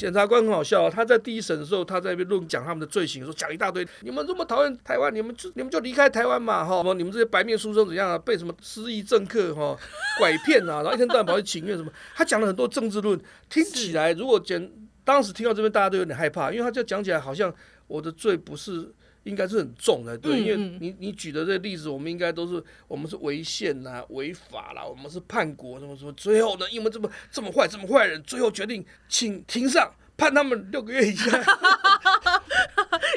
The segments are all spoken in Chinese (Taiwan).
檢察官很好笑啊，他在第一審的時候，他在那邊論講他們的罪行的，說講一大堆，你們這麼討厭台灣，你們就你們就離開台灣嘛，哈，你們這些白面書生怎樣啊，被什麼失意政客哈拐騙啊，然後一天到晚跑去請願什麼， 他講了很多政治論，聽起來如果簡當時聽到這邊，大家都有點害怕，因為他就講起來好像我的罪不是。應該是很重的，對，因為你你舉的這個例子，我們應該都是我們是違憲啊違法啦、啊，我們是叛國，什麼什麼，最後呢，因為這麼這麼壞、這麼壞人，最後決定請庭上判他們六個月以下，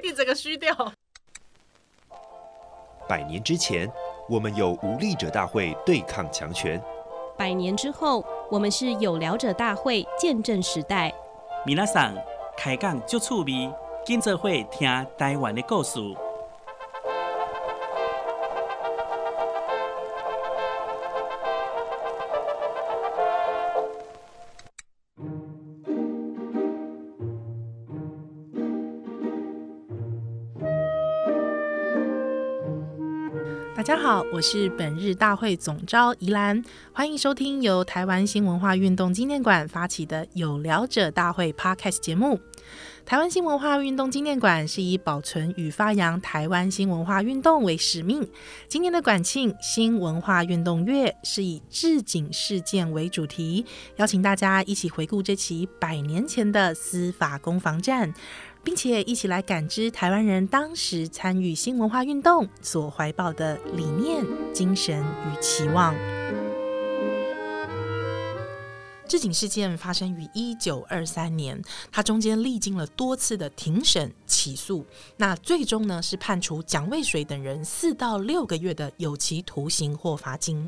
一 整個虛掉。百年之前，我們有無力者大會對抗強權；百年之後，我們是有聊者大會見證時代。米娜桑開講就趣味。今朝會聽台灣的故事。大家好，我是本日大會總召宜蘭，歡迎收聽由台灣新文化運動紀念館發起的“有聊者大會 ”Podcast 節目。台灣新文化運動紀念館是以保存與發揚台灣新文化運動為使命。今年的館慶“新文化運動月”是以“治警事件”為主題，邀請大家一起回顧這起百年前的司法攻防戰，並且一起來感知台灣人當時參與新文化運動所懷抱的理念、精神與期望。治警事件發生於一九二三年，它中間歷經了多次的庭審起訴，那最終呢是判處蔣渭水等人四到六個月的有期徒刑或罰金，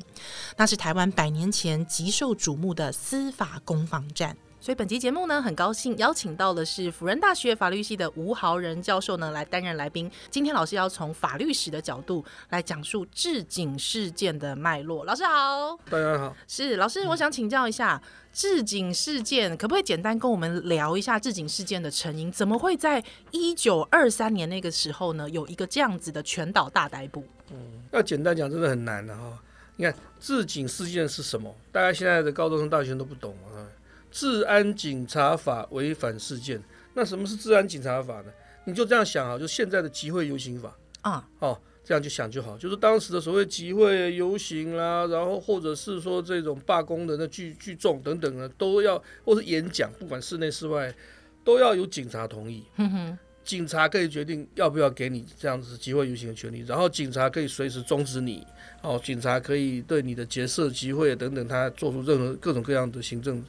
那是台灣百年前極受矚目的司法攻防戰。所以本期節目呢，很高興邀請到的是輔仁大學法律系的吳豪人教授呢，來擔任來賓。今天老師要從法律史的角度來講述治警事件的脈絡。老師好，大家好。是老師、嗯，我想請教一下治警事件，可不可以簡單跟我們聊一下治警事件的成因？怎麼會在一九二三年那個時候呢，有一個這樣子的全島大逮捕？嗯，要簡單講，真的很難的、啊、哈。你看治警事件是什麼？大家現在的高中生、大學生都不懂啊。治安警察法違反事件，那什麼是治安警察法呢？你就這樣想啊，就現在的集會遊行法啊，oh. 哦，這樣就想就好，就是當時的所謂集會遊行啦，啊，然後或者是說這種罷工人的那聚聚眾等等呢，都要或是演講，不管室內室外，都要有警察同意。嗯哼，警察可以決定要不要給你這樣子集會遊行的權利，然後警察可以隨時終止你，哦，警察可以對你的結社、集會等等，他做出任何各種各樣的行政，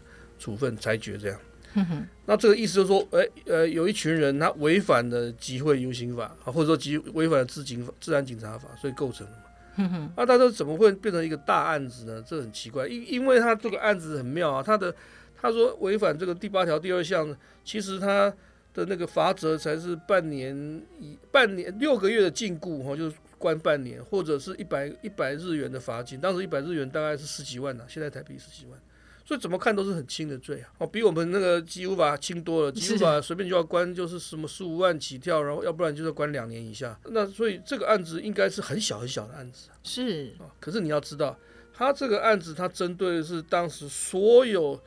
處分裁決這樣、嗯，那這個意思就是說，哎、欸、呃，有一群人他違反了集會遊行法、啊，或者說集違反了治警法、治安警察法，所以構成了嘛。那他說怎麼會變成一個大案子呢？這很奇怪，因因為他這個案子很妙啊，他的他說違反這個第八條第二項，其實他的那個罰則才是半年以半年六個月的禁錮哈，就是關半年或者是一百一百日元的罰金，當時一百日元大概是十幾萬呢、啊，現在台幣十幾萬。所以怎麼看都是很輕的罪啊，哦，比我們那個《集遊法》輕多了，《集遊法》隨便就要關，就是什麼十五萬起跳，然後要不然就是關兩年以下。那所以這個案子應該是很小很小的案子啊。是啊、哦，可是你要知道，他這個案子他針對的是當時所有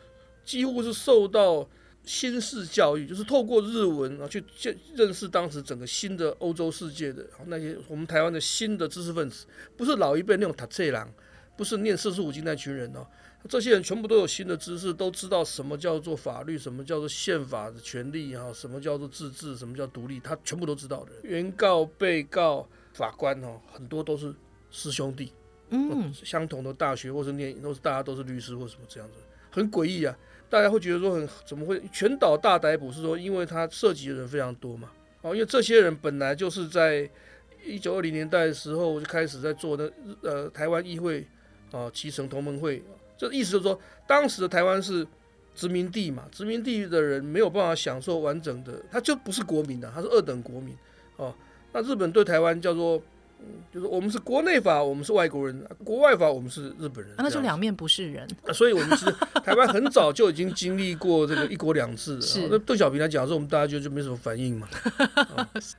幾乎是受到新式教育，就是透過日文啊、哦、去見認識當時整個新的歐洲世界的、哦、那些我們台灣的新的知識分子，不是老一輩那種讀冊人，不是念四書五經那群人哦。這些人全部都有新的知識，都知道什麼叫做法律，什麼叫做憲法的權利，哈，什麼叫做自治，什麼叫獨立，他全部都知道的。原告、被告、法官，哈，很多都是師兄弟，嗯，相同的大學，或是念，都是大家都是律師，或什麼這樣子，很詭異啊！大家會覺得說很，很怎麼會全島大逮捕？是說，因為他涉及的人非常多嘛，哦，因為這些人本來就是在一九二零年代的時候，就開始在做那呃台灣議會啊，期、呃、成同盟會。這意思就是說，當時的台灣是殖民地嘛，殖民地的人沒有辦法享受完整的，他就不是國民的、啊，他是二等國民，哦，那日本對台灣叫做。就是我們是國內法，我們是外國人；國外法，我們是日本人、啊。那就兩面不是人。啊、所以，我們是台灣，很早就已經經歷過這個一國兩制。是、 哦。那鄧小平來講說，是我們大家就就沒什麼反應嘛。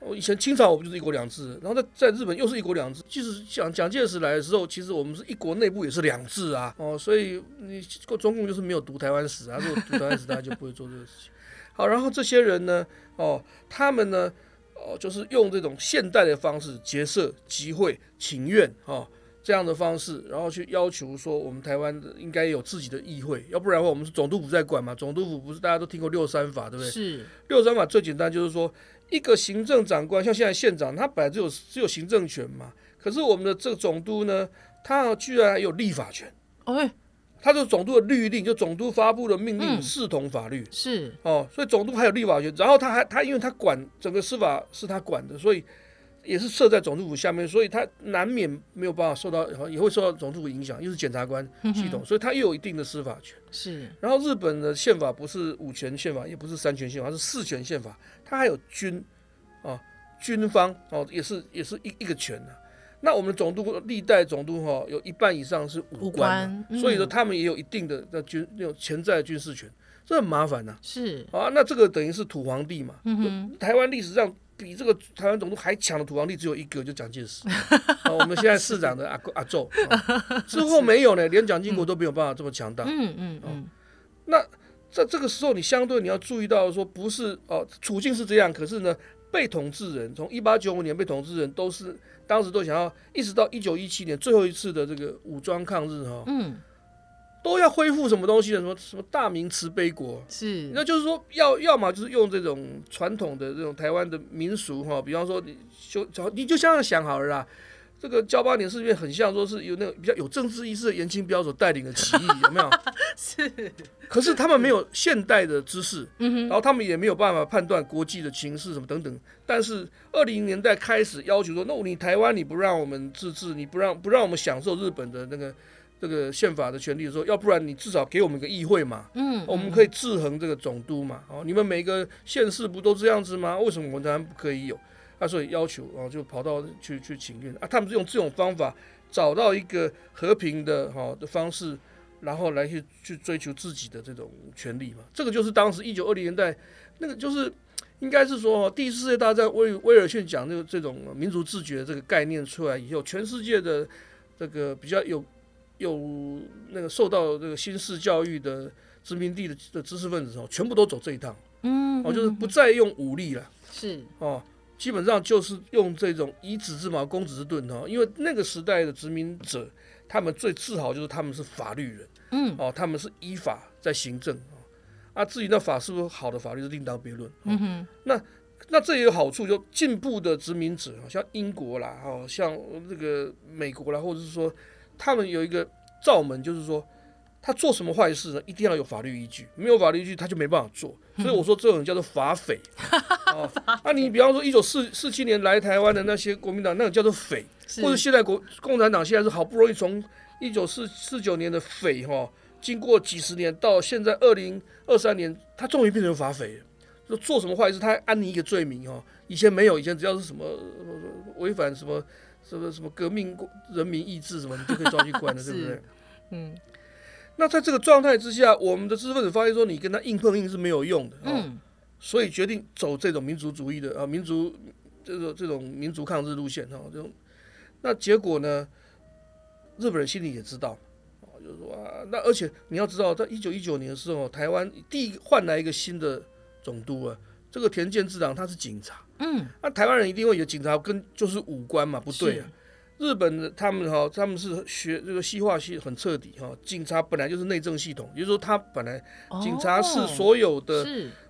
哦，以前清朝，我不就是一國兩制？然後在在日本又是一國兩制。即使蔣蔣介石來的時候，其實我們是一國內部也是兩制啊。哦，所以你中共就是沒有讀台灣史啊，如果讀台灣史 大家就不會做這個事情。好，然後這些人呢，哦，他們呢？哦，就是用這種現代的方式結社、集會、請願，哈、哦，這樣的方式，然後去要求說，我們台灣應該有自己的議會，要不然的話，我們是總督府在管嘛。總督府不是大家都聽過六三法，對不對？是。六三法最簡單，就是說一個行政長官，像現在縣長，他本來就有只有行政權嘛。可是我們的這個總督呢，他居然還有立法權。哎。他就總督的律令，就總督發佈的命令，視、嗯、同法律。是哦，所以總督還有立法權。然後他還他，因為他管整個司法是他管的，所以也是設在總督府下面，所以他難免沒有辦法受到，也會受到總督府影響。又是檢察官系統、嗯，所以他又有一定的司法權。是。然後日本的憲法不是五權憲法，也不是三權憲法，是四權憲法。他還有軍啊、哦，軍方哦，也是也是一一個權。那我們的總督，歷代總督哈、哦，有一半以上是武官，所以說他們也有一定的潛在的軍那種潛在的軍事權，這很麻煩吶。是啊，啊，啊、那這個等於是土皇帝嘛。台灣歷史上比這個台灣總督還強的土皇帝只有一個，就蔣介石。啊，啊，我們現在市長的阿公阿祖，之後沒有呢，連蔣經國都沒有辦法這麼強大。嗯嗯嗯。那在這個時候，你相對你要注意到說，不是哦、啊，處境是這樣，可是呢，被統治人從一八九五年被統治人都是。當時都想要一直到一九一七年最後一次的這個武裝抗日哈，嗯，都要恢復什麼東西的，什麼什麼大明慈悲國是，那就是說要，要麼就是用這種傳統的這種台灣的民俗哈，比方說你修，你就這樣想好了啦。這個交八年事件很像說是有那個比較有政治意識的言青標所帶領的起義，有沒有？ 是。可是他們沒有現代的知識，嗯，然後他們也沒有辦法判斷國際的情勢什麼等等。但是二零年代開始要求說，那你台灣你不讓我們自治，你不讓不讓我們享受日本的那個這個憲法的權利的時候，要不然你至少給我們一個議會嘛，嗯，我們可以制衡這個總督嘛。嗯、哦，你們每個縣市不都這樣子嗎？為什麼我們台灣不可以有？他、啊、所以要求，啊，就跑到去去請願啊！他們是用這種方法找到一個和平的好、啊、的方式，然後來去去追求自己的這種權利嘛。這個就是當時一九二零年代那個，就是應該是說、啊、第一次世界大戰威威爾遜講這個這種民族自覺這個概念出來以後，全世界的這個比較有有那個受到這個新式教育的殖民地的知識分子、啊、全部都走這一趟，嗯，哦，就是不再用武力了，嗯嗯嗯啊、是哦。啊”基本上就是用這種以子之矛攻子之盾，哦、啊，因為那個時代的殖民者，他們最自豪就是他們是法律人，嗯，哦，他們是依法在行政啊，至於那法是不是好的法律是另當別論，哦。嗯哼，那那這也有好處，就進步的殖民者，像英國啦，哦，像這個美國啦，或者是說，他們有一個罩門，就是說。他做什麼壞事呢？一定要有法律依據，沒有法律依據他就沒辦法做。所以我說這種叫做法匪。嗯、 啊，那、啊、你比方說一九四四七年來台灣的那些國民黨，那種、個、叫做匪，或者現在國共產黨現在是好不容易從一九四四九年的匪哈，經過幾十年到現在二零二三年，他終於變成法匪了，就做什麼壞事，他安你一個罪名哦，以前沒有，以前只要是什麼違反什麼什麼什麼革命人民意志什麼，你就可以抓去關了， 對不對？嗯。那在這個狀態之下，我們的知識分子發現說，你跟他硬碰硬是沒有用的、哦，嗯，所以決定走這種民族主義的啊，民族這種、就是、這種民族抗日路線哈，這、啊、種那結果呢，日本人心裡也知道、啊、就是說啊，那而且你要知道，在一九一九年的時候，台灣第一換來一個新的總督啊，這個田健治郎他是警察，嗯，那台灣人一定會有警察跟就是武官嘛，不對日本的他們哈，哦，他們是學這個西化系很徹底哈，哦。警察本來就是內政系統，也就是說，他本來警察是所有的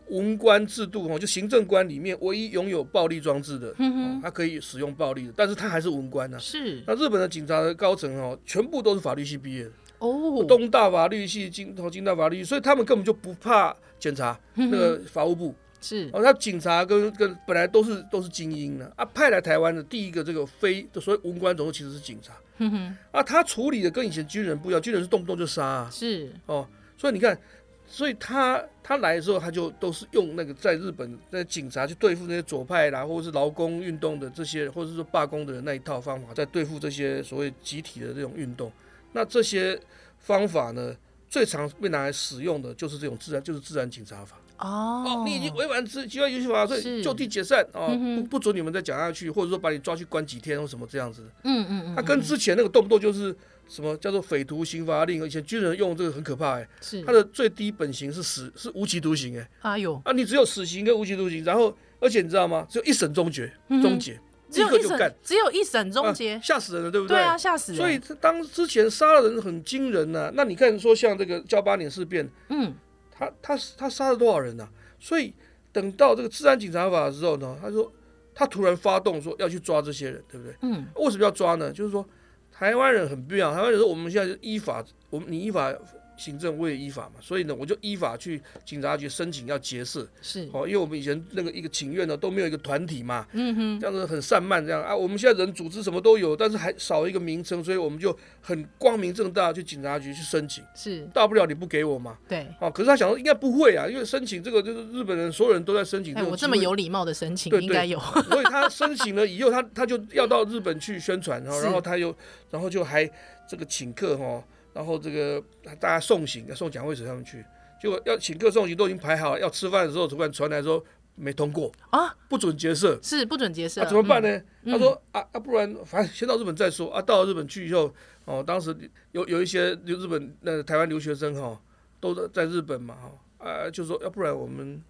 文官制度哈，哦，就行政官裡面唯一擁有暴力裝置的，嗯、哦，他可以使用暴力的，但是他還是文官啊，是。那日本的警察的高層哈，哦，全部都是法律系畢業的哦，東大法律系，京大法律系，所以他們根本就不怕檢察，嗯、那個法務部。是哦，那警察跟跟本來都是都是精英呢啊，啊，派來台灣的第一個這個非，所謂文官總督其實是警察呵呵，啊，他處理的跟以前軍人不一樣，軍人是動不動就殺，啊，是哦，所以你看，所以他他來的時候，他就都是用那個在日本那警察去對付那些左派啦，或者是勞工運動的這些，或者是說罷工的人那一套方法，在對付這些所謂集體的這種運動，那這些方法呢，最常被拿來使用的就是這種治安，就是治安警察法。Oh, 哦，你已經違反之計遊戲法，所以就地解散哦，嗯、不不准你們再講下去，或者說把你抓去關幾天或什麼這樣子。嗯嗯，嗯，嗯，他、啊、跟之前那個動不動就是什麼叫做匪徒刑罰令，以前軍人用這個很可怕哎、欸。是，他的最低本刑是死，是無期徒刑哎、欸。啊有，啊你只有死刑跟無期徒刑，然後而且你知道嗎？只有一審終結，終結、嗯，只有一審，只有一審終結，嚇、啊、死人了，對不對？對啊，嚇死人。所以當之前殺了人很驚人呢、啊，那你看說像這個噍吧哖事變，嗯。他他他殺了多少人呢？啊？所以等到這個治安警察法之後呢？他說他突然發動說要去抓這些人，對不對？嗯，為什麼要抓呢？就是說台灣人很不一樣，台灣人說我們現在就依法，我們你依法。行政未依法嘛，所以呢，我就依法去警察局申請要結社，是，哦，因為我們以前那個一個請願呢都沒有一個團體嘛，嗯哼，這樣子很散漫這樣啊，我們現在人組織什麼都有，但是還少一個名稱，所以我們就很光明正大去警察局去申請，是，大不了你不給我嘛，對，哦、啊，可是他想說應該不會啊，因為申請這個就是日本人所有人都在申請，我這麼有禮貌的申請對對對應該有，所以他申請了以後， 他他就要到日本去宣傳，然後然後他又然後就還這個請客哦。然後這個大家送行，送蔣渭水他們去，結果要請客送行都已經排好了，要吃飯的時候，突然傳來說沒通過啊，不准結社，是不准結社，啊，怎麼辦呢？嗯、他說啊不然反正先到日本再說啊。到了日本去以後，哦，當時有有一些留日本那、呃、台灣留學生哈、哦，都在在日本嘛哈、哦、啊，就說要不然我們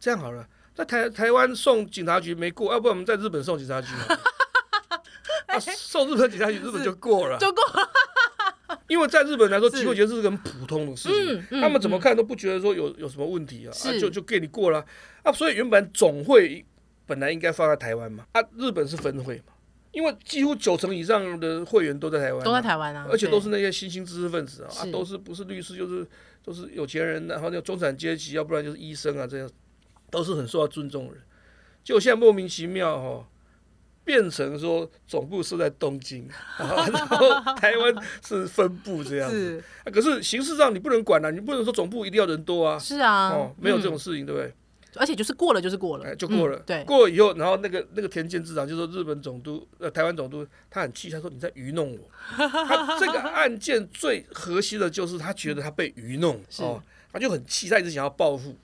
這樣好了，在台台灣送警察局沒過，要、啊、不然我們在日本送警察局、 啊，送日本警察局，日本就過了， 就過了。因為在日本來說，集會結社是很普通的事情，嗯嗯嗯，他們怎麼看都不覺得說有有什麼問題啊，啊就就給你過了啊，啊。所以原本總會本來應該放在台灣嘛，啊，日本是分會嘛，因為幾乎九成以上的會員都在台灣，啊，都在台灣啊，而且都是那些新興知識分子啊，啊都是不是律師就是，是都是有錢人，啊，然後那個中產階級，要不然就是醫生啊，這樣都是很受到尊重的人，就現在莫名其妙哦。變成說總部是在東京，然後，然後台灣是分部這樣子。 可是形式上你不能管啊，你不能說總部一定要人多啊。是啊，哦，沒有這種事情，嗯、對不對？而且就是過了就是過了，哎，就過了。嗯、對，過了以後，然後那個那個田健治郎就是、說日本總督、呃台灣總督，他很氣，他說你在愚弄我。他這個案件最核心的就是他覺得他被愚弄， 哦，他就很氣，他一直想要報復。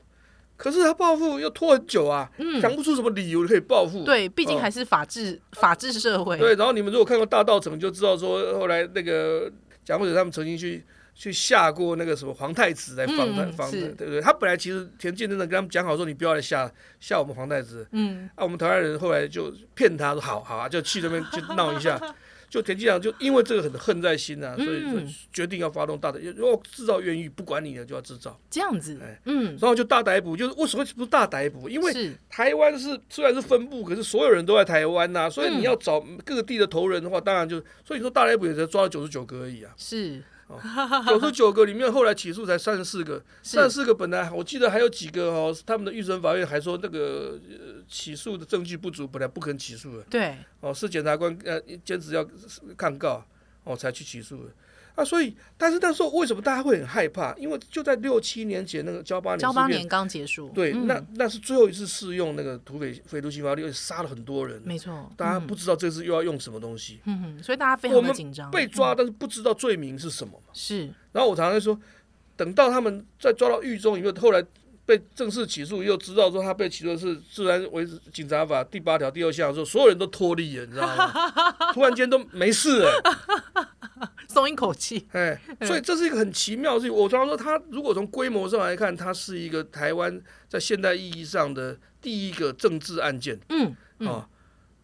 可是他報復要拖很久啊，講、嗯、不出什麼理由可以報復。對，畢竟還是法治、嗯、法治社會、嗯。對，然後你們如果看過《大稻埕》，就知道說後來那個蔣渭水他們曾經去去嚇過那個什麼皇太子來放他放的、嗯，對不對？他本來其實田健治郎跟他們講好說，你不要來嚇嚇我們皇太子。嗯，啊，我們台灣人後來就騙他說好，好好啊，就去那邊去鬧一下。 就田雞長就因為這個很恨在心啊，嗯、所以就決定要發動大逮捕，要制造冤獄，不管你的就要制造這樣子，哎，嗯，然後就大逮捕，就是為什麼不是大逮捕？因為台灣是雖然是分部，可是所有人都在台灣吶，啊，所以你要找各地的頭人的話，嗯，當然就，所以說大逮捕也才抓了九十九個而已啊，是。九十九個裡面，後來起訴才三十四個，三十四個本來我記得還有幾個哦，他們的預審法院還說那個、呃、起訴的證據不足，本來不肯起訴的。對，哦，是檢察官呃、啊、堅持要抗告，哦才去起訴的。啊，所以，但是那時候為什麼大家會很害怕？因為就在六七年前那個噍吧哖，噍吧哖剛結束，對，嗯、那那是最後一次試用那個土匪匪徒刑法，又殺了很多人，沒錯、嗯，大家不知道這次又要用什麼東西，嗯哼、嗯，所以大家非常的緊張，被抓、嗯、但是不知道罪名是什麼嘛，是。然後我常常說，等到他們再抓到獄中以後，後來。被正式起訴，又知道說他被起訴是《治安維持警察法》第八條第二項的時候，所有人都脫離了。你知道嗎？ 突然間都沒事耶，欸，鬆一口氣。哎，所以這是一個很奇妙的事情。我常，常說，他如果從規模上來看，他是一個台灣在現代意義上的第一個政治案件。嗯，啊、嗯哦，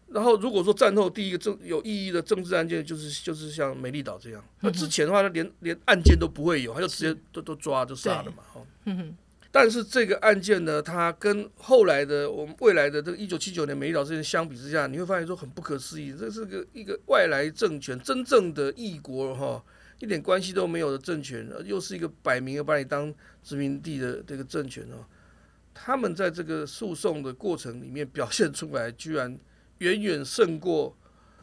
然後如果說戰後第一個政有意義的政治案件，就是，就是就是像美麗島這樣。那之前的話連、連、嗯、連案件都不會有，他就直接都都抓就殺了嘛，但是這個案件呢，它跟後來的我們未來的這個一九七九年美麗島事件相比之下，你會發現說很不可思議，這是個一個外來政權，真正的異國哈，一點關係都沒有的政權，又是一個擺明要把你當殖民地的這個政權哦，他們在這個訴訟的過程裡面表現出來，居然遠遠勝過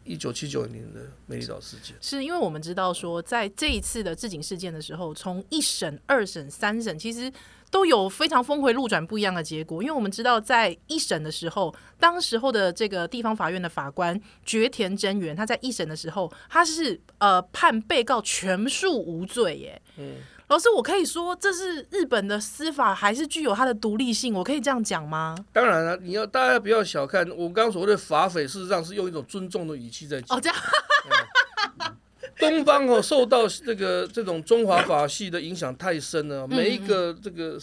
一九七九年的美麗島事件。是因為我們知道說，在這一次的治警事件的時候，從一審、二審、三審，其實。都有非常峰迴路轉、不一樣的結果，因為我們知道在一審的時候，當時候的這個地方法院的法官絕田真元，他在一審的時候，他是呃判被告全數無罪耶。嗯。老師，我可以說這是日本的司法還是具有它的獨立性？我可以這樣講嗎？當然了。啊，你要大家不要小看我剛剛所謂的法匪，事實上是用一種尊重的語氣在講。哦，這樣哈哈哈哈嗯 東方哦，受到這個這種中華法系的影響太深了。每一個這個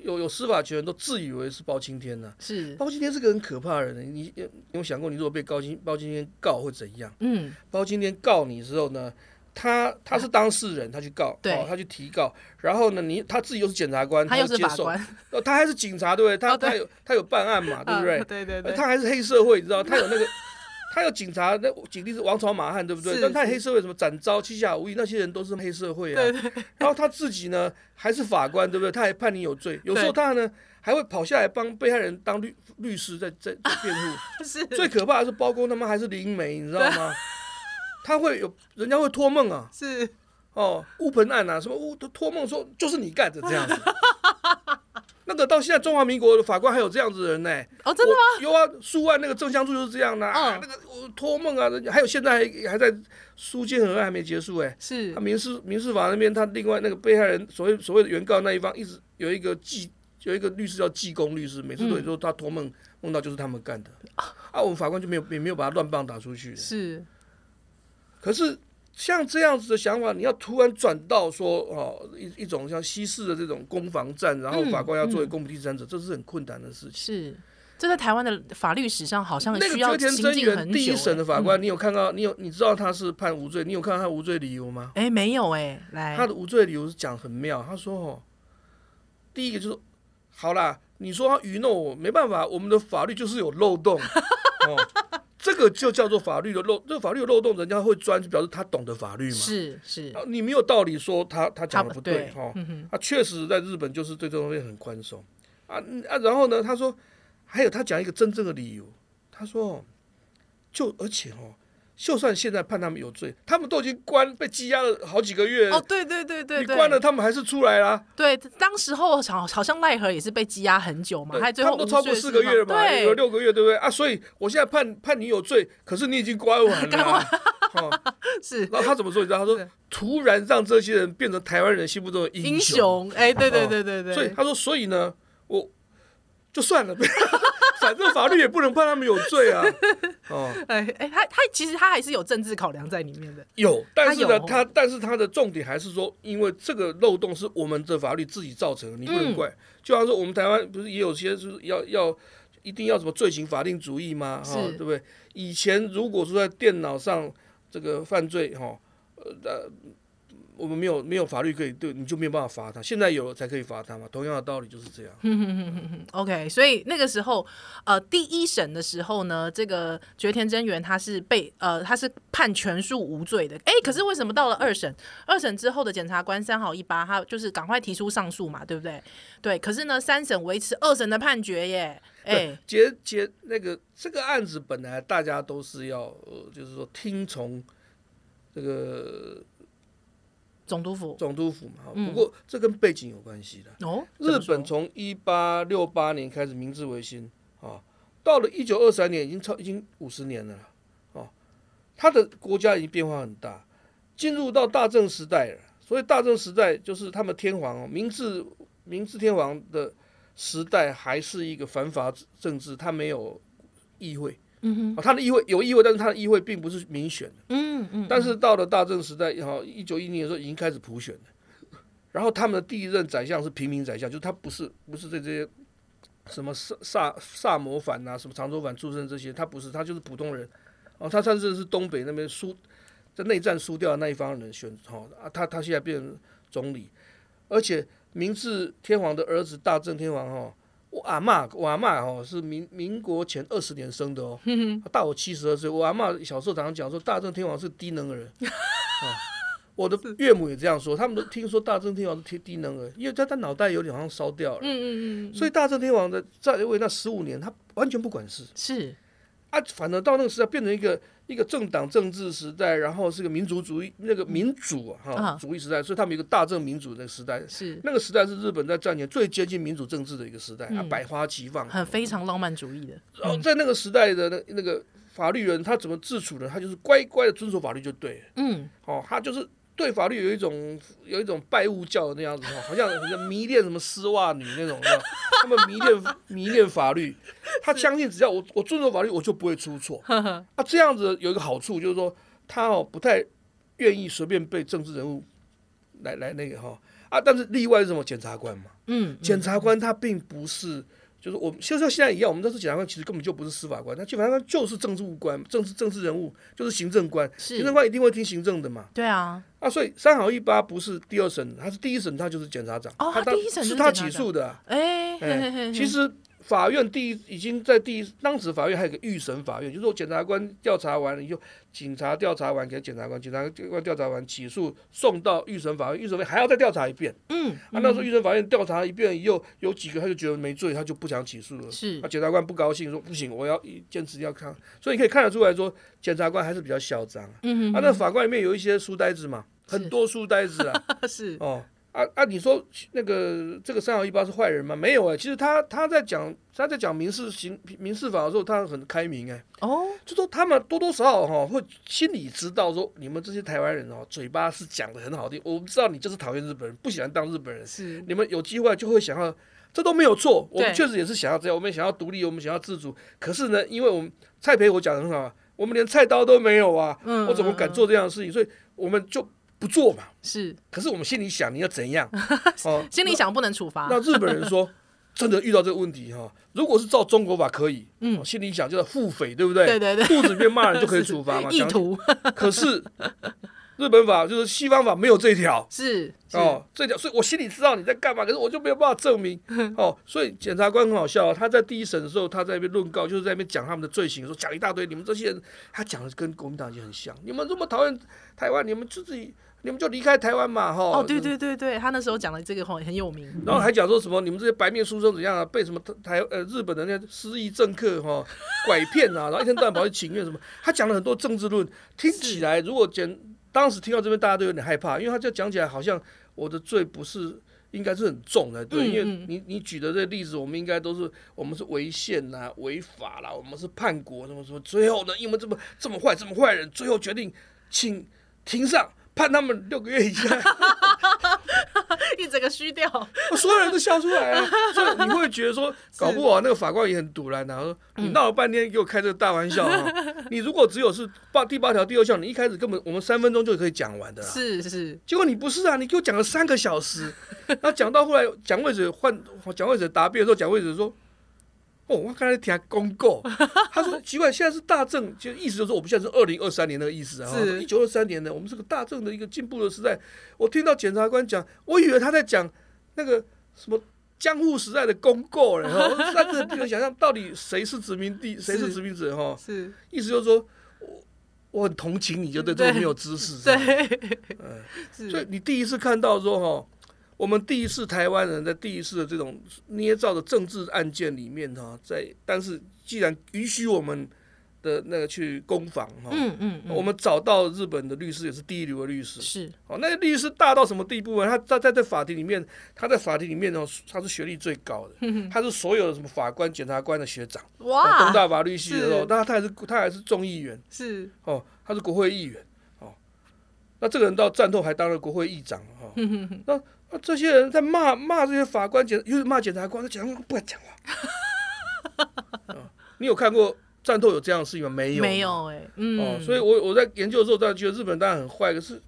有有司法權都自以為是包青天呢、啊。是包青天是個很可怕的人你。你有想過，你如果被包青包青天告會怎樣？嗯，包青天告你之後呢，他他是當事人，啊、他去告，哦，他去提告。然後呢，你他自己又是檢察官，他又接受又是法官、哦，他還是警察，對不對？他、哦、對他有他有辦案嘛，對不對？哦、對對對，他還是黑社會，你知道，他有那個。 他有警察，那警力是王朝馬漢，對不對？是是，但他黑社會什麼展昭、七俠五義，那些人都是黑社會啊。對對對，然後他自己呢，還是法官，對不對？他還判你有罪，有時候他呢還會跑下來幫被害人當律律師，在在辯護。最可怕的是包公他媽還是靈媒，你知道嗎？他會有人家會托夢啊，是哦，烏盆案啊，什麼烏都托夢說就是你幹的這樣子。 那個到現在中華民國的法官還有這樣子的人呢、欸？哦、oh，真的嗎？有啊，書萬那個鄭香柱就是這樣的啊，oh. 啊，那個托夢啊，還有現在還還在蘇建和還沒結束哎、欸，是他民事民事法那邊他另外那個被害人所謂所謂的原告那一方一直有一個紀，有一個律師叫紀功律師，每次都說他托夢夢到就是他們幹的、嗯、啊，我們法官就沒有也沒有把他亂棒打出去是，可是。像這樣子的想法，你要突然轉到說哦，一一種像西式的這種攻防戰，然後法官要作為公平第三者、嗯，這是很困難的事情。是，這在台灣的法律史上好像需要行很、欸、那個秋天真言第一審的法官、嗯，你有看到？你有你知道他是判無罪、嗯？你有看到他無罪理由嗎？哎、欸，沒有哎、欸，來，他的無罪理由是講很妙，他說哦，第一個就是，好啦，你說他愚弄我，you know, 沒辦法，我們的法律就是有漏洞。 哦這個就叫做法律的漏，這個、法律的漏洞，人家會鑽，就表示他懂得法律嘛。是是，你沒有道理說他他講的不對哈。他、哦嗯啊、確實在日本就是對這方面很寬鬆啊啊，然後呢，他說還有他講一個真正的理由，他說就而且哦。就算現在判他們有罪，他們都已經關被羈押了好幾個月。哦，對，對對對對，你關了他們還是出來了，啊。對，當時候好好像賴和也是被羈押很久嘛，還他們都超過四個月了嘛，有六個月，對不對啊？所以我現在判判你有罪，可是你已經關完了，啊。剛、啊、 是。然後他怎麼說？你知道？他說突然讓這些人變成台灣人心目中的英雄。英雄，哎、欸，對對對對對，啊。所以他說，所以呢，我就算了。 反 正法律也不能判他們有罪啊！ 哦，哎、欸、哎，他他其實他還是有政治考量在裡面的。有，但是呢，他但是他的重點還是說，因為這個漏洞是我們的法律自己造成的，你不能怪。嗯、就像說，我們台灣不是也有些是要要一定要什麼罪刑法定主義嗎？啊、哦，對不對？以前如果是在電腦上這個犯罪，哈、呃，呃。我們沒有沒有法律可以對你，就沒有辦法罰他，現在有了才可以罰他嘛，同樣的道理就是這樣。嗯、OK，所以那個時候呃第一審的時候呢，這個絕田真元他是被呃他是判全數無罪的，哎，可是為什麼到了二審二審之後的檢察官三好一八他就是趕快提出上訴嘛，對不對？對，可是呢三審維持二審的判決耶，哎，結結那個這個案子本來大家都是要呃就是說聽從這個。嗯總督府，總督府嘛，不過這跟背景有關係的、嗯。哦，日本從一八六八年開始明治維新哦，到了一九二三年已經超已經五十年了哦。他的國家已經變化很大，進入到大正時代了。所以大正時代就是他們天皇明治明治天皇的時代，還是一個反法政治，他沒有議會。嗯、哦、哼，他的議會有議會，但是他的議會並不是民選的。嗯嗯，但是到了大正時代後、哦，一九一零年的時候已經開始普選了。然後他們的第一任宰相是平民宰相，就是他不是不是，這些什麼薩薩薩摩藩啊，什麼長州藩出身這些，他不是，他就是普通人。哦，他他算是東北那邊輸在內戰輸掉的那一方人選，哈、哦啊，他他現在變成總理。而且明治天皇的兒子大正天皇，哈、哦。我阿嬤，我阿嬤哦，是民民國前二十年生的哦，大 我七十二歲。我阿嬤小時候常常講說，大正天皇是低能兒、 啊，我的岳母也這樣說。他們都聽說大正天皇是低低能兒，因為在他腦袋有點好像燒掉了。嗯嗯嗯，所以大正天皇的在位那十五年，他完全不管事。是。 是。啊，反正到那個時代變成一個一個政黨政治時代，然後是一個民族主義那個民主哈、啊哦啊、主義時代，所以他們有個大正民主那個時代，是那個時代是日本在戰前最接近民主政治的一個時代，嗯、啊，百花齊放，很非常浪漫主義的。然、嗯、後、哦、在那個時代的那那個法律人，他怎麼自處呢？他就是乖乖的遵守法律就對，嗯，好、哦，他就是。對法律有一種有一種拜物教的那樣子，哦，好像好像迷戀什麼絲襪女那種的，他們迷戀迷戀法律，他相信只要我我遵守法律，我就不會出錯。啊，這樣子有一個好處就是說，他哦不太願意隨便被政治人物來來那個哈、哦、啊，但是例外是什麼？檢察官嘛，嗯，檢察官他並不是。就是我們就像現在一樣，我們都是檢察官，其實根本就不是司法官，他基本上就是政務官，政治政治人物就是行政官，行政官一定會聽行政的嘛。對啊，啊，所以三好一八不是第二審，他是第一審，他就是檢察長。他第一審是他起訴的。哎，其實。法院第一已經在第一，當時法院還有個預審法院，就是說檢察官調查完了以後，警察調查完給檢察官，檢察官調查完起訴送到預審法院，預審法院還要再調查一遍嗯。嗯，啊，那時候預審法院調查一遍又有幾個，他就覺得沒罪，他就不想起訴了。是啊，檢察官不高興，說不行，我要堅持要看。所以你可以看得出來說，檢察官還是比較囂張啊。嗯嗯。啊，那法官裡面有一些書呆子嘛，很多書呆子啊。 是哦。嗯啊啊！你說那個這個三好一八是壞人嗎？沒有哎、欸，其實他他在講他在講民事刑民事法的時候，他很開明哎、欸。哦，就說他們多多少少哈會心裡知道說，你們這些台灣人哦，嘴巴是講的很好聽，我們知道你就是討厭日本人，不喜歡當日本人。是你們有機會就會想要，這都沒有錯。我們確實也是想要這樣，我們也想要獨立，我們想要自主。可是呢，因為我們蔡培，我講的很好啊，我們連菜刀都沒有啊嗯嗯嗯，我怎麼敢做這樣的事情？所以我們就。不做嘛？是。可是我們心裡想，你要怎樣？哦， 心裡想不能處罰。那日本人說，真的遇到這個問題哈， 如果是照中國法可以，嗯，心裡想就是腹誹，對不對？對對，對，肚子裡面罵人就可以處罰嘛， 意圖。可是日本法就是西方法沒有這條，是，是哦，這條，所以我心裡知道你在幹嘛，可是我就沒有辦法證明。 哦，所以檢察官很好笑，他在第一審的時候，他在那邊論告，就是在那邊講他們的罪行，說講一大堆，你們這些人，他講的跟國民黨已經很像，你們這麼討厭台灣，你們就自己。你們就離開台灣嘛，哈、哦！哦、嗯，對對對對，他那時候講的這個很很有名。然後還講說什麼，嗯、你們這些白面書生怎樣啊？被什麼台呃日本的那些失意政客哈、哦、拐騙啊？ 然後一天到晚跑去請願什麼？他講了很多政治論，聽起來如果講當時聽到這邊，大家都有點害怕，因為他就講起來好像我的罪不是應該是很重的，對？嗯嗯，因為你你舉的這例子，我們應該都是我們是違憲啊，違法啦，我們是叛國什麼什麼？最後呢，因為這麼這麼壞這麼壞人，最後決定請庭上。判他們六個月以下，一 整個虛掉，哦，所有人都笑出來了。 所以你會覺得說，搞不好那個法官也很毒，啊。辣，然後你鬧了半天給我開這個大玩笑啊！ 你如果只有是八第八條第二項，你一開始根本我們三分鐘就可以講完的啦，是是。結果你不是啊，你給我講了三個小時。那講到後來，蔣渭水換，蔣渭水答辯的時候，蔣渭水說。哦、我剛才提下公告，他說奇怪，現在是大正，就意思就是我們現在是二零二三年那個意思啊，是一九二三年的，我們這個大正的一個進步的時代。我聽到檢察官講，我以為他在講那個什麼江戶時代的公告，然後我甚至不能想象到底誰是殖民地，誰是殖民者哈。是，意思就是說，我我很同情你就對這個沒有知識，對，對、嗯，是，所以你第一次看到說哈。我們第一次台灣人在第一次的這種捏造的政治案件裡面，哈，在但是既然允許我們的那個去攻防嗯，嗯嗯，我們找到日本的律師也是第一流的律師是，是哦，那個律師大到什麼地步呢？他他在在法庭裡面，他在法庭裡面哦，他是學歷最高的，他是所有的什麼法官、檢察官的學長，哇，東大法律系的時候，他還是他還是眾議員是，是哦，他是國會議員，哦，那這個人到戰後還當了國會議長，哈，那。啊、這些人在罵罵這些法官檢，又是罵檢察官，他講不敢講話、 嗯？你有看過戰鬥有這樣的事情嗎？沒有，沒有哎、欸嗯，嗯。所以我，我我在研究的時候，大家覺得日本人當然很壞，可是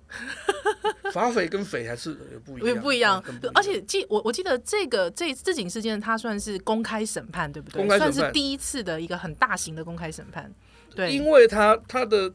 法匪跟匪還是有、欸、不一樣，不，不，不，不，不一樣。嗯、一樣，而且記我我記得這個這治警事件，它算是公開審判，對不對？算是第一次的一個很大型的公開審判。對，因為它它的。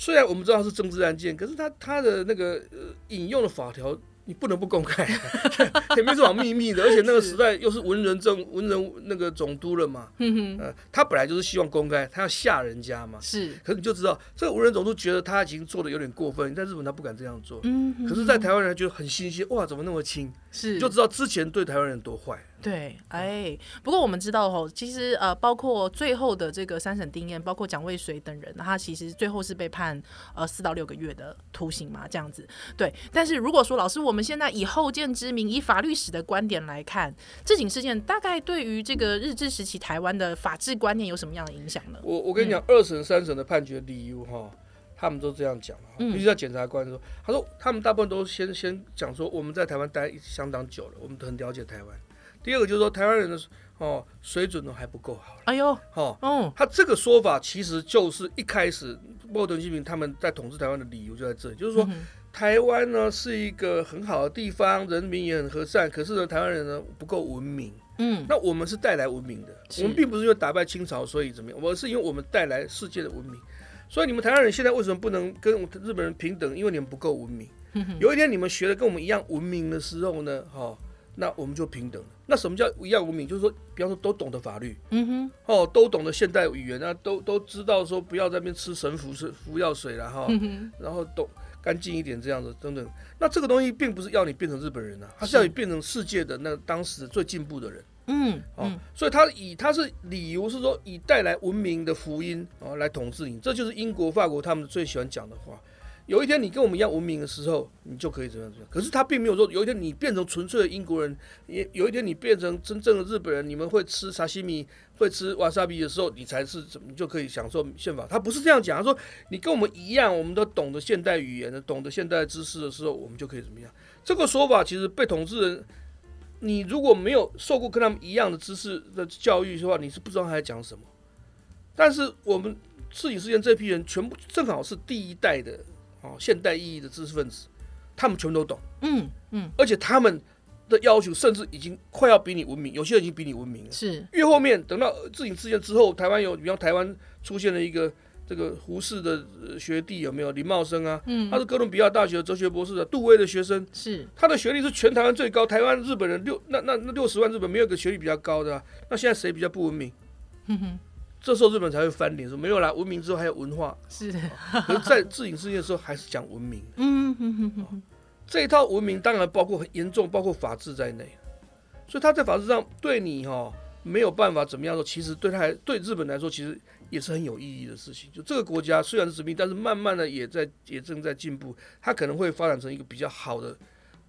雖然我們知道他是政治案件，可是他他的那個呃引用的法條，你不能不公開、啊，肯定是往秘密的。而且那個時代又是文人政文人那個總督了嘛，嗯、呃、哼，他本來就是希望公開，他要嚇人家嘛。是，可是你就知道這個文人總督覺得他已經做得有點過分，在日本他不敢這樣做，嗯， 可是，在台灣人還覺得很新鮮，哇，怎麼那麼輕？是，就知道之前對台灣人多壞。對，哎，不過我們知道哈、哦，其實呃，包括最後的這個三審定讞包括蔣渭水等人，他其實最後是被判呃四到六個月的徒刑嘛，這樣子。對，但是如果說老師，我們現在以後見之明，以法律史的觀點來看，這件事件大概對於這個日治時期台灣的法治觀念有什麼樣的影響呢？我我跟你講、嗯，二審三審的判決理由哈，他們都這樣講嘛。嗯。尤其在檢察官說、嗯，他說他們大部分都先先講說，我們在台灣待相當久了，我們很了解台灣。第二個就是說，台灣人的哦水準都還不夠好了。哎呦，哦，他這個說法其實就是一開始後藤新平他們在統治台灣的理由就在這裡，就是說、嗯、台灣呢是一個很好的地方，人民也很和善，可是呢台灣人呢不夠文明。嗯，那我們是帶來文明的，我們並不是因為打敗清朝所以怎麼樣，而是因為我們帶來世界的文明。所以你們台灣人現在為什麼不能跟日本人平等？因為你們不夠文明、嗯。有一天你們學的跟我們一樣文明的時候呢，哈、哦。那我們就平等了。那什麼叫一樣文明？就是說，比方說都懂得法律，嗯哼，哦，都懂得現代語言啊，都都知道說不要在那邊吃神服、是服藥水了哈、嗯，然後都乾淨一點這樣子等等。那這個東西並不是要你變成日本人啊，是它是要你變成世界的那個當時最進步的人，嗯，哦、啊嗯，所以他以他是理由是說以帶來文明的福音啊來統治你，這就是英國、法國他們最喜歡講的話。有一天你跟我們一樣文明的時候，你就可以怎麼樣怎麼樣。可是他並沒有說，有一天你變成純粹的英國人，也有一天你變成真正的日本人，你們會吃沙西米、會吃瓦薩比的時候，你才是怎麼，你就可以享受憲法？他不是這樣講，他說你跟我們一樣，我們都懂得現代語言的，懂得現代知識的時候，我們就可以怎麼樣？這個說法其實被統治人，你如果沒有受過跟他們一樣的知識的教育的話，你是不知道他在講什麼。但是我們自己之前這批人，全部正好是第一代的。哦，現代意義的知識分子，他們全部都懂，嗯嗯，而且他們的要求甚至已經快要比你文明，有些人已經比你文明了。是越後面，等到治警事件之後，台灣有，比方台灣出現了一個這個胡適的學弟，有沒有林茂生啊？嗯、他是哥倫比亞大學的哲學博士的，啊，杜威的學生，是他的學歷是全台灣最高。台灣日本人六那那那六十萬日本沒有一個學歷比較高的，啊，那現在誰比較不文明？呵呵這時候日本才會翻臉說，沒有啦，文明之後還有文化是。哦、是，可是在自引世界的時候還是講文明，嗯，這一套文明當然包括很嚴重，包括法治在內，所以他在法治上對你哈、哦、沒有辦法怎麼樣說，其實對他對日本來說其實也是很有意義的事情。就這個國家雖然是殖民，但是慢慢的也在也正在進步，它可能會發展成一個比較好的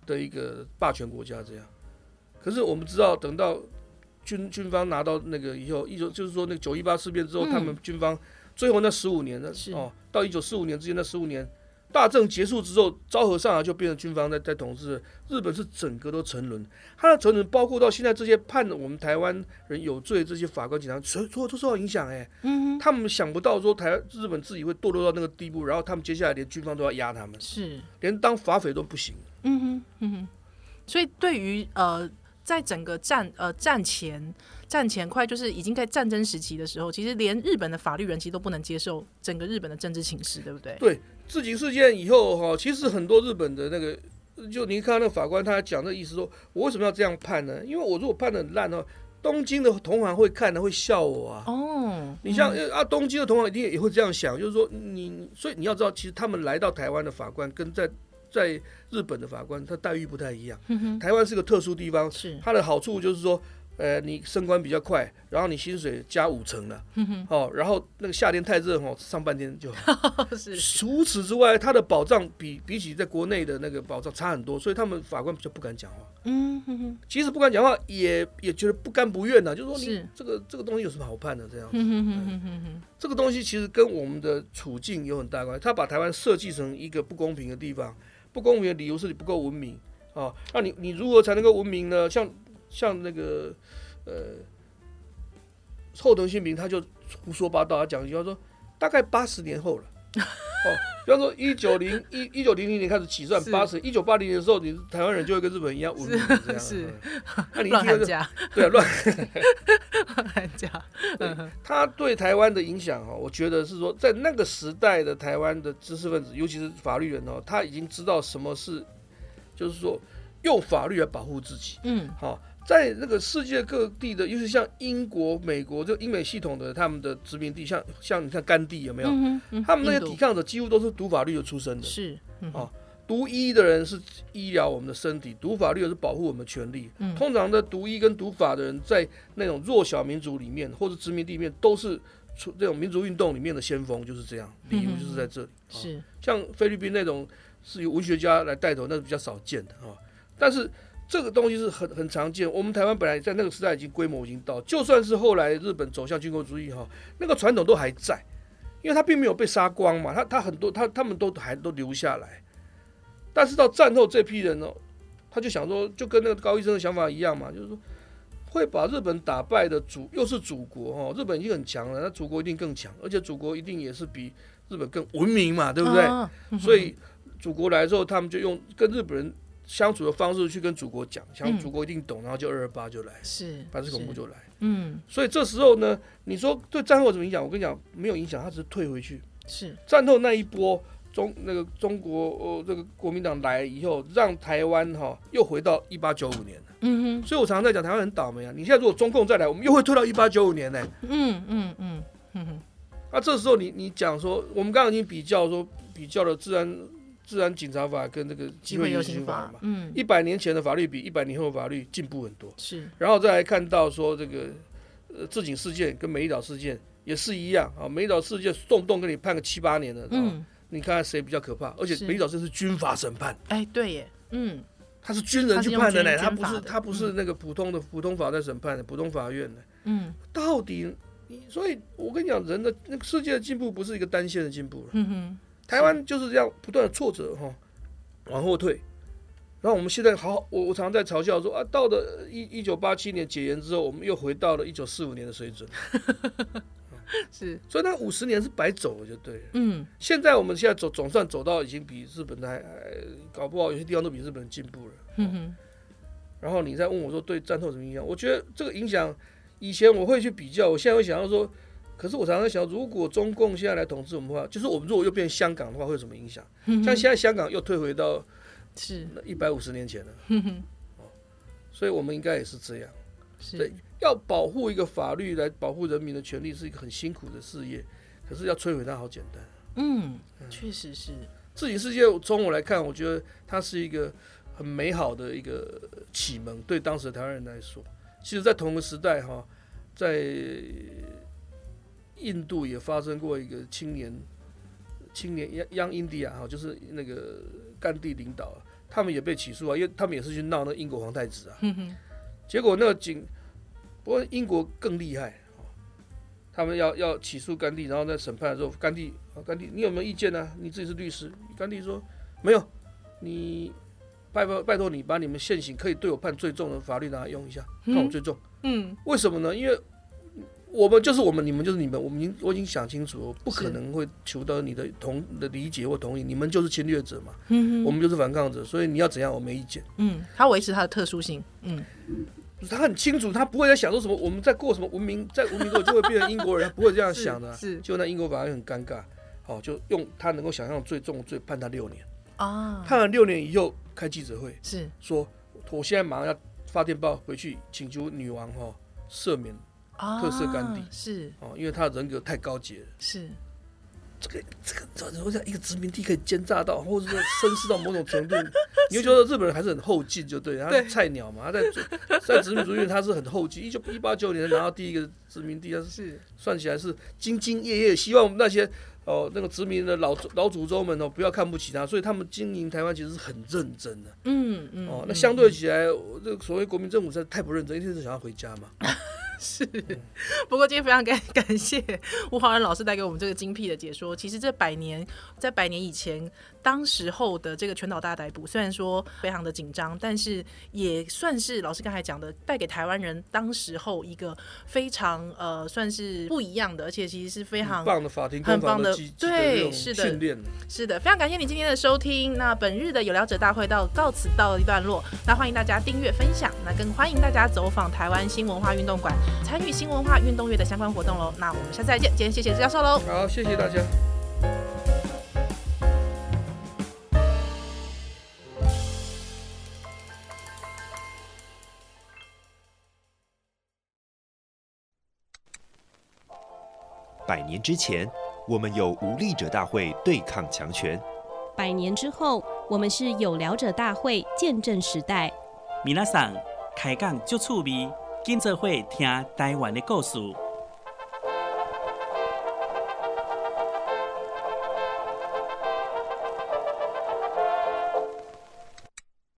的一個霸權國家這樣。可是我們知道等到。軍軍方拿到那個以後，一九就是說，那九一八事變之後、嗯，他們軍方最後那十五年，哦，到一九四五年之間那十五年，大正結束之後，昭和上來就變成軍方在在統治，日本是整個都沉淪，他的沉淪包括到現在這些判我們台灣人有罪這些法官、警察，所以都都受到影響，哎，嗯哼，他們想不到說台灣日本自己會墮落到那個地步，然後他們接下來連軍方都要壓他們，是連當法匪都不行，嗯哼嗯哼，所以對於呃。在整個戰呃戰前戰前快就是已經在戰爭時期的時候，其實連日本的法律人其實都不能接受整個日本的政治情勢，對不對？對治警事件以後哈，其實很多日本的那個，就你看那個法官他還講那意思說，我為什麼要這樣判呢？因為我如果判的很爛的話，東京的同行會看的會笑我啊。哦、oh，你像、嗯、啊，東京的同行一定也會這樣想，就是說你，所以你要知道，其實他們來到台灣的法官跟在。在日本的法官，他待遇不太一樣。台灣是個特殊地方是，它的好處就是說，呃，你升官比較快，然後你薪水加五成了，嗯。哦，然後那個夏天太熱，吼，上半天就好。除 此之外，它的保障比比起在國內的那個保障差很多，所以他們法官比較不敢講話。嗯哼哼。其實不敢講話，也也覺得不甘不願呢、啊。就是說你這個這個東西有什麼好判的、啊、這樣子、嗯哼哼哼哼。這個東西其實跟我們的處境有很大關係。他把台灣設計成一個不公平的地方。不公平的理由是你不夠文明啊！那你你如何才能夠文明呢？像像那個呃後藤新平他就胡說八道，他講一句話說大概八十年後了。 哦，比方說一九零一一九零零年開始起算 80,，八十，一九八零年的時候，你台灣人就會跟日本人一樣，樣，是 是，那、 啊、你亂喊價，對啊，亂喊亂喊價， 他對台灣的影響啊，我覺得是說，在那個時代的台灣的知識分子，尤其是法律人哦，他已經知道什麼是，就是說用法律來保護自己，嗯，好、哦。在那個世界各地的，尤其像英國、美國，就英美系統的他們的殖民地，像像你看甘地有沒有，嗯嗯？他們那些抵抗者幾乎都是讀法律的出身的。是啊，讀、哦、醫的人是醫療我們的身體，讀法律的是保護我們的權利，嗯。通常的讀醫跟讀法的人，在那種弱小民族裡面或者殖民地裡面，都是出這種民族運動裡面的先鋒，就是這樣。理由就是在這裡，嗯哦。是像菲律賓那種是由文學家來帶頭，那是比較少見的啊，哦。但是。這個東西是很很常見，我們台灣本來在那個時代已經規模已經到，就算是後來日本走向軍國主義哈、哦，那個傳統都還在，因為他並沒有被殺光嘛，他他很多他他們都還都留下來，但是到戰後這批人呢、哦，他就想說就跟那個高醫生的想法一樣嘛，就是說會把日本打敗的祖又是祖國哈、哦，日本已經很強了，那祖國一定更強，而且祖國一定也是比日本更文明嘛，對不對？啊嗯，所以祖國來之後，他們就用跟日本人。相處的方式去跟祖國講，想祖國一定懂，嗯、然後就二二八就來，是反正恐怖就來，嗯，所以這時候呢，你說對戰後怎麼影響？我跟你講，沒有影響，他只是退回去。是戰後那一波中那個中國哦，這、那個國民黨來了以後，讓台灣哈、哦、又回到一八九五年嗯哼，所以我常常在講台灣很倒霉啊。你現在如果中共再來，我們又會退到一八九五年呢、欸。嗯嗯嗯，嗯。那、嗯嗯啊、這時候你你講說，我們剛剛已經比較說比較了自然。自然警察法跟這個集會遊行法嘛，嗯，一百年前的法律比一百年後的法律進步很多，是。然後再來看到說這個呃治警事件跟美麗島事件也是一樣啊，美麗島事件動不動給你判個七八年的，嗯，知道嗎，你看看誰比較可怕？而且美麗島這是軍法審判，哎、欸，對耶，嗯，他是軍人去判的，他不是他不是那個普通的普通法在審判的，普通法院的，嗯，到底你，所以我跟你講，人的那個世界的進步不是一個單線的進步了，嗯哼。台灣就是這樣不斷的挫折哈，往後退，然後我們現在好，好，我我常在嘲笑說啊，到了一一九八七年解嚴之後，我們又回到了一九四五年的水準， 是，所以那五十年是白走了就對，嗯，現在我們現在走總算走到已經比日本的還，搞不好有些地方都比日本進步了，嗯，然後你再問我說，對戰後什麼影響？我覺得這個影響，以前我會去比較，我現在會想到說。可是我常常想，如果中共現在來統治我們的話，就是我們如果又變成香港的話，會有什麼影響？像現在香港又退回到是一百五十年前了，所以我們應該也是這樣。是要保護一個法律來保護人民的權利，是一個很辛苦的事業。可是要摧毀它，好簡單。嗯，確實是。自由世界從我來看，我覺得它是一個很美好的一個啟蒙，對當時的台灣人來說。其實，在同一個時代，哈，在。印度也發生過一個青年，青年 Young India 啊，就是那個甘地領導，他們也被起訴啊，因為他們也是去鬧那個英國皇太子啊。結果那個警，不過英國更厲害，他們要要起訴甘地，然後在審判的時候，甘地啊甘地，你有沒有意見呢、啊？你自己是律師。甘地說沒有，你拜拜拜托你把你們現行可以對我判最重的法律拿來用一下，判我最重。嗯。為什麼呢？因為。我們就是我們，你們就是你們。我們已經我已經想清楚了，不可能會求得你的同你的理解或同意。你們就是侵略者嘛、嗯，我們就是反抗者。所以你要怎樣，我沒意見。嗯，他維持他的特殊性。嗯，他很清楚，他不會再想說什麼。我們在過什麼文明，在文明過就會變成英國人， 他不會這樣想的、啊。是，就那英國法院很尷尬。好、喔，就用他能夠想象最重的罪判他六年。哦、啊，判了六年以後開記者會，是說我現在馬上要發電報回去請求女王哈、喔、赦免。特色甘地、啊、是哦，因為他人格太高潔了。是這個這個，我、這、想、個、一個殖民地可以奸詐到，或者是紳士到某種程度， 你會覺得日本人還是很後進，就對,對他是菜鳥嘛，他在在殖民主義他是很後進，一九一八九年拿到第一個殖民地， 他是,是算起來是兢兢業業，希望我們那些哦、呃、那個殖民的老老祖宗們哦不要看不起他，所以他們經營台灣其實是很認真的。嗯嗯，哦、呃，那相對起來，嗯、這個所謂國民政府實在太不認真，一定是想要回家嘛。 是，不過今天非常感感謝吳豪人老師帶給我們這個精闢的解說。其實這百年，在百年以前，當時候的這個全島大逮捕，雖然說非常的緊張，但是也算是老師剛才講的，帶給台灣人當時候一個非常呃，算是不一樣的，而且其實是非常棒的法庭，很棒的對，訓練。是的，非常感謝你今天的收聽。那本日的有聊者大會到告辭到一段落，那歡迎大家訂閱分享，那更歡迎大家走訪台灣新文化運動館，參與新文化運動月的相關活動嘍。那我們下次再見。今天謝謝教授嘍。好，謝謝大家。百年之前，我們有無力者大會對抗強權；百年之後，我們是有聊者大會見證時代。米娜桑，開講就趣味。記者會聽台灣的故事。